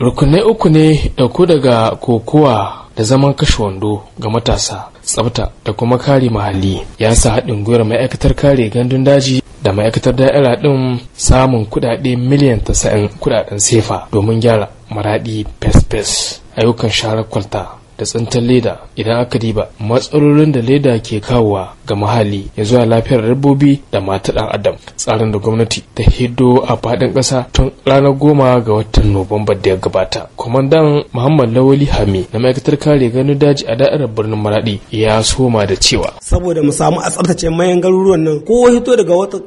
rukunai uku ne ɗauko daga kokowa da zaman kashe wando ga matasa tsafta da kuma kare mahalli ya sa haɗin gwiwar ma'aikatar kare gandun daji da ma'aikatar da'ira ɗin samun kuɗaɗe miliyan tasa'in kuɗaɗen sefa domin gyara maraɗi fes-fes ayyukan sharar kwalta da tsintar leda idan aka diba matsalolin da leda ke kawowa ga muhalli ya zuwa lafiyar dabbobi da mata dan adam tsarin da gwamnati ta hiddo a faɗin kasa tun ranar goma ga watan nuwamba da ya gabata kwamandan muhammad lawali hami na ma'aikatar kare ganin daji a da'irar birnin maradi ya soma da cewa saboda mu samu a tsabtace mayan garuruwan nan ko hito daga wata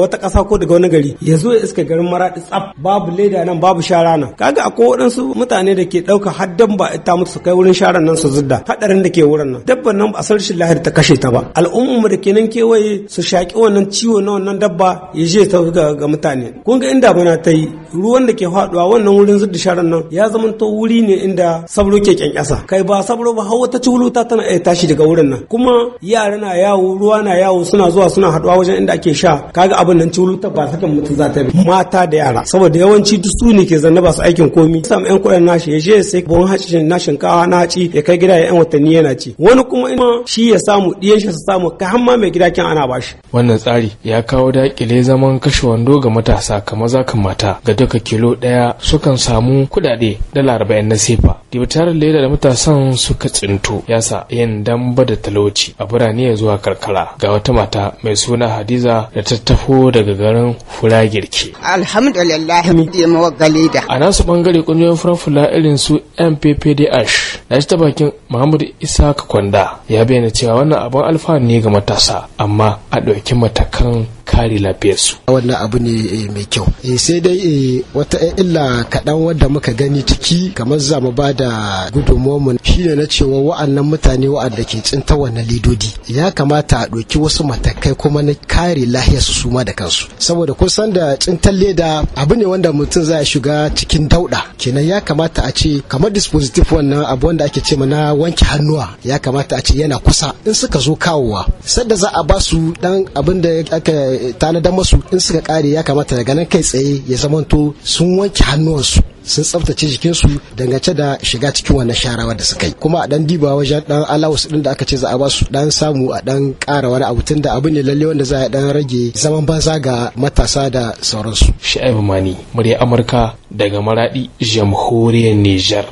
wata ƙasa ko daga wani gari ya zo ya iska garin maradi tsaf babu leda nan babu shara nan kaga akwai waɗansu mutane da ke ɗauka haddan ba ita mutu kai wurin shara yaran nan su zidda hadarin da ke wurin nan dabban nan san sarshin lahir ta kashe ta ba al'ummu da kenan kewaye su shaƙi wannan ciwo na wannan dabba ya je ta ga mutane kun ga inda bana ta yi ruwan da ke haɗuwa, wannan wurin zuddi sharan nan ya zamanto wuri ne inda sabro ke kyankyasa kai ba sabro ba hawa ta ta tana iya tashi daga wurin nan kuma yara na yawo ruwa na yawo suna zuwa suna haɗuwa wajen inda ake sha kaga abin nan ta ba sakan mutum za ta bi? mata da yara saboda yawanci duk su ne ke zanna ba su aikin komi sam yan kuɗin nashi ya je sai buhun haci na shinkawa na haci ya kai gida ya ƴan watanni yana ci wani kuma in shi ya samu ɗiyan shi su samu ka hamma mai gida kin ana bashi wannan tsari ya kawo dakile zaman kashe wando ga matasa kamar zakan mata ga duka kilo ɗaya sukan samu kuɗaɗe dala arba'in na sefa dibitarin leda da matasan suka tsinto yasa yin damba da talauci a birane zuwa karkara ga wata mata mai suna hadiza da ta taho daga garin Fulagirki. girki alhamdulillah da mawagali da a nasu bangare kungiyoyin furan fula irin su mppdh na ta bakin muhammadu isa kwanda ya bayyana cewa wannan abin alfahari ne ga matasa amma a ɗauki matakan kare lafiyarsu. Wannan abu ne eh, mai kyau. Eh, sai dai eh, wata illa kaɗan wadda muka gani ciki kamar za mu ba da gudunmuwarmu shine na cewa wa'annan mutane wa'anda ke tsinta wannan lidodi ya kamata a ɗauki wasu matakai kuma na kare lahiyarsu su ma da kansu. Saboda kusan da tsintar leda abu ne wanda mutum za ya shiga cikin dauɗa kenan ya kamata a ce kamar dispositif wannan abu wanda ake ce na wanke hannuwa ya kamata a ce yana kusa in suka zo kawowa sadda za a ba su dan abin da aka tanadar masu in suka kare ya kamata daga nan kai tsaye ya zamanto sun wanke hannuwansu sun tsaftace jikinsu dangance da shiga cikin wannan sharawa da suka yi kuma a dan diba wajen dan alawus din da aka ce za a basu dan samu a dan kara wani abu tun da abu ne lalle wanda za a dan rage zaman banza ga matasa da sauransu shi'aibu mani murya amurka daga maradi jamhuriyar niger